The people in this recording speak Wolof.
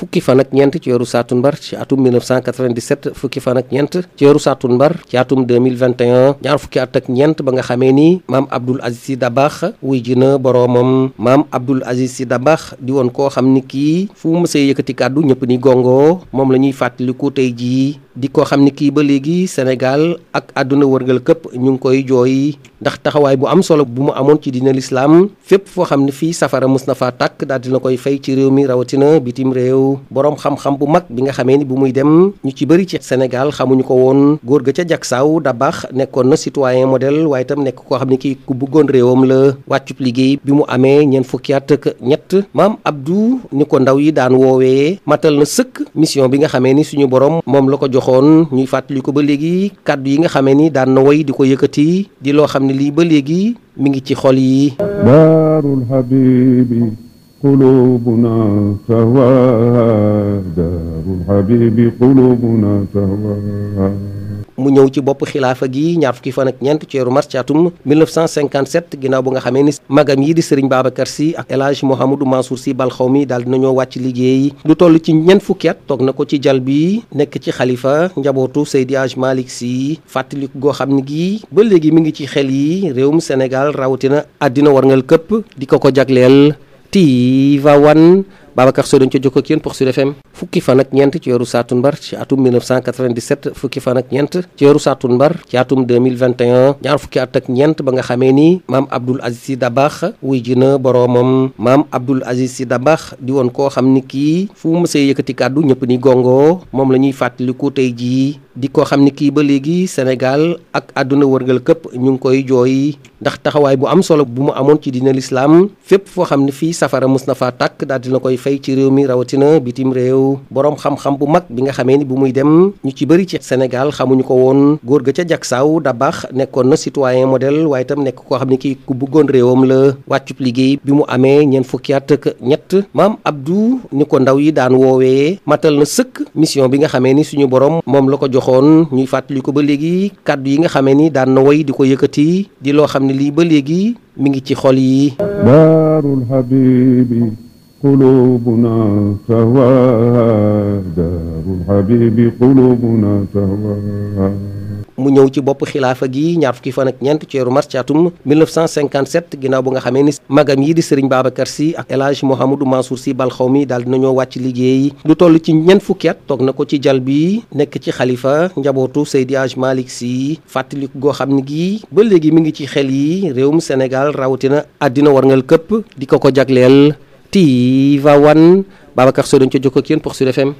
fukki fan ak ñeent ci weeru saatunmbar ci atum 1997 fukki fan ak ñeent ci weeru saatunmbar ci atum 2021 ñaar fukki at ak ñeent ba nga xamee ni maam Abdoul Aziz Sy Dabakh wuy ji na boroomam maam Abdoul Aziz Sy Dabakh di woon koo xam ni kii fu mu mësee yëkkati kàddu ñëpp ni gongo moom la ñuy fàttaliku tey jii di ko xam ni kii ba léegi Sénégal ak àdduna wërgal këpp ñu ngi koy jooy ndax taxawaay bu am solo bu mu amoon ci dina lislaam fépp foo xam ne fii safara mës na faa tàkk daal dina koy fay ci réew mi rawatina bitim réew boroom xam-xam bu mag bi nga xamee ni bu muy dem ñu ci bëri ci Sénégal xamuñu ko woon góor ga ca Jaksaaw Dabax nekkoon na citoyen modèle waaye tam nekk koo xam ne kii ku bëggoon réewam la wàccub liggéey bi mu amee ñeent fukki at ak ñett maam Abdou ni ko ndaw yi daan woowee matal na sëkk mission bi nga xamee ni suñu borom joxoon ñuy fàttali ko ba léegi kàddu yi nga xamee ni daan na di ko yëkkati di loo xam ne lii ba léegi mi ngi ci xol yi mu ñëw ci bopp xilaafa gi ñaar fukki fan ak ñeent ci weeru mars ci atum 1957 ginnaaw bu nga xamee ni magam yi di sëriñ Babacar Sy ak El Hadj Mouhamadou Mansour Sy Balxawmi daal dinañoo wàcc liggéey lu toll ci ñeent fukki at toog na ko ci jal bi nekk ci xalifa njabootu Seydi Hadj Malick Sy fàttaliku goo xam ne gii ba léegi mi ngi ci xel yi réewum Sénégal rawatina àddina warngal këpp di ko ko jagleel va Tivaouane Babacar Sow dañ ca jokkoo ak yéen pour Sud FM fukki fan ak ñeent ci weeru Saatumbar ci atum 1997 fukki ak ñeent ci weeru Saatumbar ci atum 2021 ñaar fukki at ak ñeent ba nga xamee ni maam Abdoul Aziz Sy Dabakh wuy ji na boroomam maam Abdoul Aziz Sy Dabakh di woon koo xam ni kii fu mu mësee yëkkati kàddu ñëpp ni gongo moom la ñuy fàttaliku tey jii di koo xam ni kii ba léegi Sénégal ak àdduna wërngal këpp ñu ngi koy jooy ndax taxawaay bu am solo bu mu amoon ci diine lislaam fépp foo xam ne fii safara mës na faa tàkk daal dina koy fay ci réew mi rawatina bitim réew borom xam-xam bu mag bi nga xamee ni bu muy dem ñu ci bëri ci Sénégal xamuñu ko woon góor ga ca Jaksaaw Dabax nekkoon na citoyen modèle waaye tam nekk ko xam ne kii ku bëggoon réewam la wàccub liggéey bi mu amee ñeent fukki at ak ñett maam Abdou ñu ko ndaw yi daan woowee matal na sëkk mission bi nga xamee ni suñu boroom moom la ko joxoon ñuy fàttali ko ba léegi kàddu yi nga xamee ni daan na woy di ko yëkkati di loo xam ne lii ba léegi mi ngi ci xol yi قلوبنا سواء دار الحبيب قلوبنا سواء mu ñëw ci bopp xilaafa gi ñaar fukki fan ak ñeent ci weeru mars ci atum 1957 ginnaaw bu nga xamee ni magam yi di sëriñ Babacar Sy ak El Hadj Mouhamadou Mansour Sy Balxawmi daal dinañoo wàcc liggéey lu toll ci ñeent fukki at toog na ko ci jal bi nekk ci xalifa njabootu Seydi Hadj si Sy fàttaliku goo xam ne gii ba léegi mu ngi ci xel yi réewum senegal rawatina àddina warngal këpp di ko ko jagleel Tivaouane Babacar Sow dañu ca jokkoo ak yéen pour Sud FM